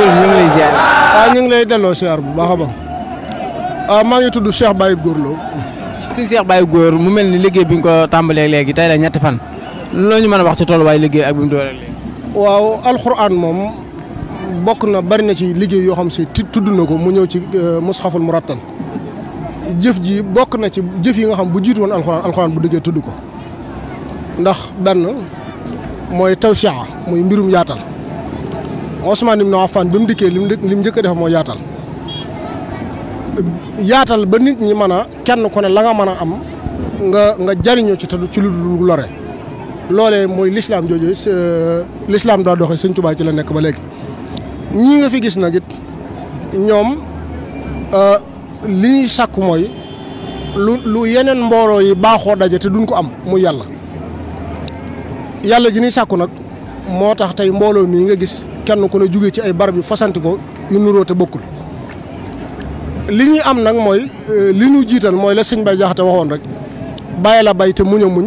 loolu ngi lay waaw ah, ñu ngi lay delloo ziar bu baax a baax ah, maa ngi tudd Cheikh Baye Góor Lo. si Cheikh Baye Góor mu mel ni liggéey bi nga ko tàmbalee léegi tey la ñetti fan loo ñu mën a wax ci waaye liggéey ak bi mu dooree léegi. waaw alxuraan moom bokk na bari na ci liggéey yoo xam si tudd na ko mu ñëw ci euh, musxaful murattal jëf ji bokk na ci jëf yi nga xam bu jiitu woon alxuraan bu dëggee tudd ko ndax benn mooy tawsiya mooy mbirum yaatal. Ousmane Ibn Affan bi mu dikkee li lim njëkk a def mooy yaatal yaatal ba nit ñi mën a kenn ku ne la nga mën a am nga nga jariñoo ci te ci lu dul lore loolee mooy jooju euh, lislaam daa doxee sëñ Tuubaa ci la nekk ba léegi ñii nga fi gis nag it ñoom euh, li ñuy sàkk mooy lu lu yeneen mbooloo yi baaxoo daje te duñ ko am mu yàlla yàlla ji ñuy sàkku nag moo tax tey mbooloo mii nga gis kenn ku ne jugee ci ay barab yu fasanti ko yu nuróo te bokkul li ñuy am nag mooy euh, li ñu jiital mooy la sëñ Bay Jaxate waxoon rek bàyyi la bay te muñ a muñ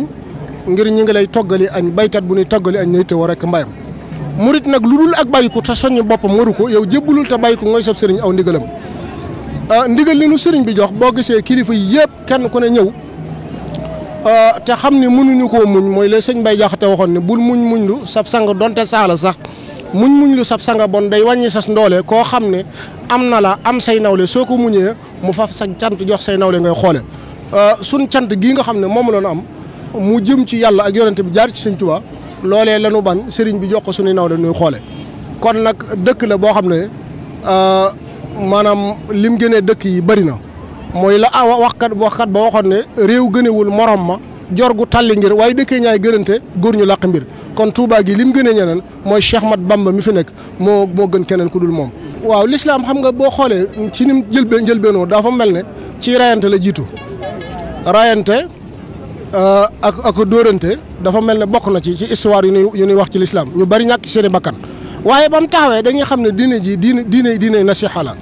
ngir ñi ngi lay toggali añ baykat bu ñuy toggali añ nay tëwoo rek mbayam murit nag lu dul ak bàyyi ko te soññ boppam waru ko yow jébbulul te bàyyi ko ngay sab sëriñ aw ndigalam ah, ndigal li nu sëriñ bi jox boo gisee kilifa yëpp kenn ku ne ñëw Euh, te xam ne mënuñu koo muñ mooy la sëñ Bay Jaxate waxoon ne bul muñ muñ sab sang donte saala sax muñ muñ lu sab sanga bon day wàññi sas ndoole koo xam ne am na la am say nawle soo ko muñee mu fa sa cant jox say nawle ngay xoole euh, suñ cant gii nga xam ne moom loon am mu jëm ci yàlla ak yonent bi jaar ci sëñ Tuubaa loolee lanu ban sëriñ bi jox ko suñuy nawle nuy xoole kon nag dëkk la boo xam ne euh, maanaam lim gënee dëkk yi bari na mooy la awa ah, waxkat waxkat ba waxoon ne réew gënewul morom ma jor gu tàlli ngir waaye dëkke ñaay gënante góor ñu làq mbir kon Touba gi lim gënee ñeneen mooy Cheikh Mat Bamba mi fi nekk moo moo gën keneen ku dul moom. waaw lislaam xam nga boo xoolee ci ni mu jëlbee njëlbeenoo dafa mel ne ci rayante la jiitu rayante euh, ak ak dóorante dafa mel ne bokk na ci ci histoire yu ñuy yu ñuy wax ci lislaam ñu bari ñàkk seen i bakkan waaye ba mu taxawee dañuy xam ne diine ji diina diine diine nasiha la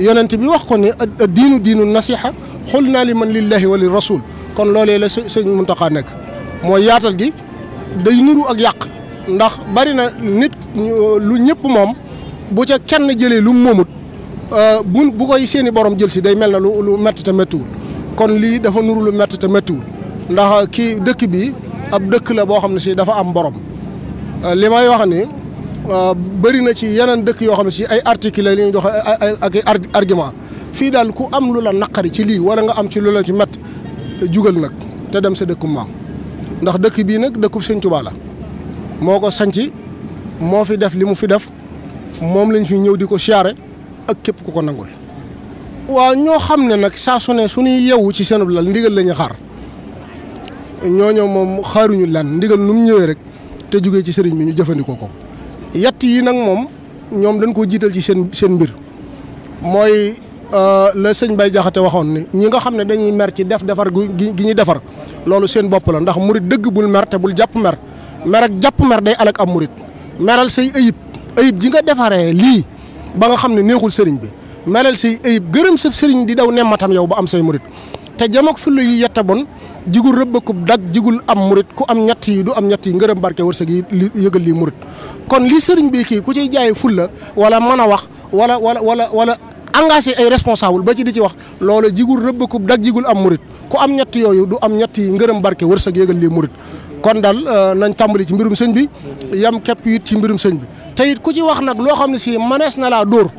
yonent bi wax ko ne diinu diinu nasiha xul naa li man lillahi wa li rasul kon loolee la sëñ Muntaxa nekk mooy yaatal gi day nuru ak yàq ndax bari na nit lu ñëpp moom bu ca kenn jëlee lu moomut euh, bu bu koy seeni borom jël si day mel na lu lu métti te kon lii dafa nuru lu métti te ndax kii dëkk bi ab dëkk la boo xam ne si dafa am borom euh, li may wax ni bëri na ci yeneen dëkk yoo xam ne si ay article li dox joxe ay argument fii daal ku am lu la naqari ci lii wala nga am ci lu la ci met jugal nag te dem sa dëkkum maam ndax dëkk bii nag dëkkub Sëñ Tuubaa la moo ko sanci moo fi def li mu fi def moom lañ fi ñëw di ko siyaare ak képp ku ko nangul waaw ñoo xam ne nag saa su ne suñuy yeewu ci seenub lal ndigal lañuy ñu xaar ñooñu moom xaaruñu lan ndigal nu mu ñëwee rek te jógee ci sëriñ bi ñu jëfandikoo ko yatt yii nag moom ñoom dañ ko jiital ci seen seen mbir mooy euh, la sëñ bay Jaxate waxoon ni ñi nga xam ne dañuy mer ci def defar gi gi ñuy defar loolu seen bopp la ndax murit dëgg bul mer te bul jàpp mer mer ak jàpp mer day alak am murit meral say ayib ayib ji nga defaree lii ba nga xam ne neexul sëriñ bi meral say ayib gërëm sa sëriñ di daw nemmatam yow ba am say murit te jamok fullu yi yetta bon jigul rëbbakub dag jigul am murit ku am ñett yi am ñett ngërëm barke wërsëg yi li yëgal lii murit kon lii sëriñ bi kii ku ciy jaay fulla wala mën a wax wala wala wala wala engagé ay responsable ba ci di ci wax loola jigul rëbbakub dag jigul am murit ku am ñett yooyu du am ñett ngërëm barke wërsëg yëgal lii murit kon daal euh, nañ tàmbali ci mbirum sëñ bi yam képp it ci mbirum sëñ bi te it ku ci wax nag loo xam ne si manees na laa dóor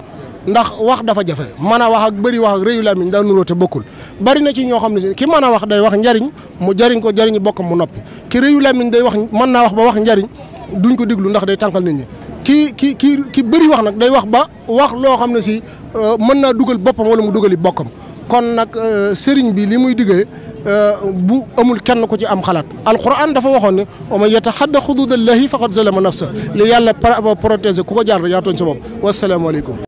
ndax wax dafa jafe mën a wax ak bëri wax ak rëyu lamiñ daa nuroo te bokkul bari na ci ñoo xam ne si ki mën a wax day wax njariñ mu jariñ ko jariñ bokkam mu noppi ki rëyu lamiñ day wax mën naa wax ba wax njariñ duñ ko diglu ndax day tànkal nit ñi ki ki ki bëri wax nag day wax ba wax loo xam ne si euh, mën naa dugal boppam wala mu dugali bokkam kon nag euh, sëriñ bi li muy diggee euh, bu amul kenn ku ci am xalaat alquran dafa waxoon ne wa man yataxadda xududallahi faqad zalama nafsa li yàlla protéger ku ko jaar yaa tooñ sa bopp wasalaamaaleykum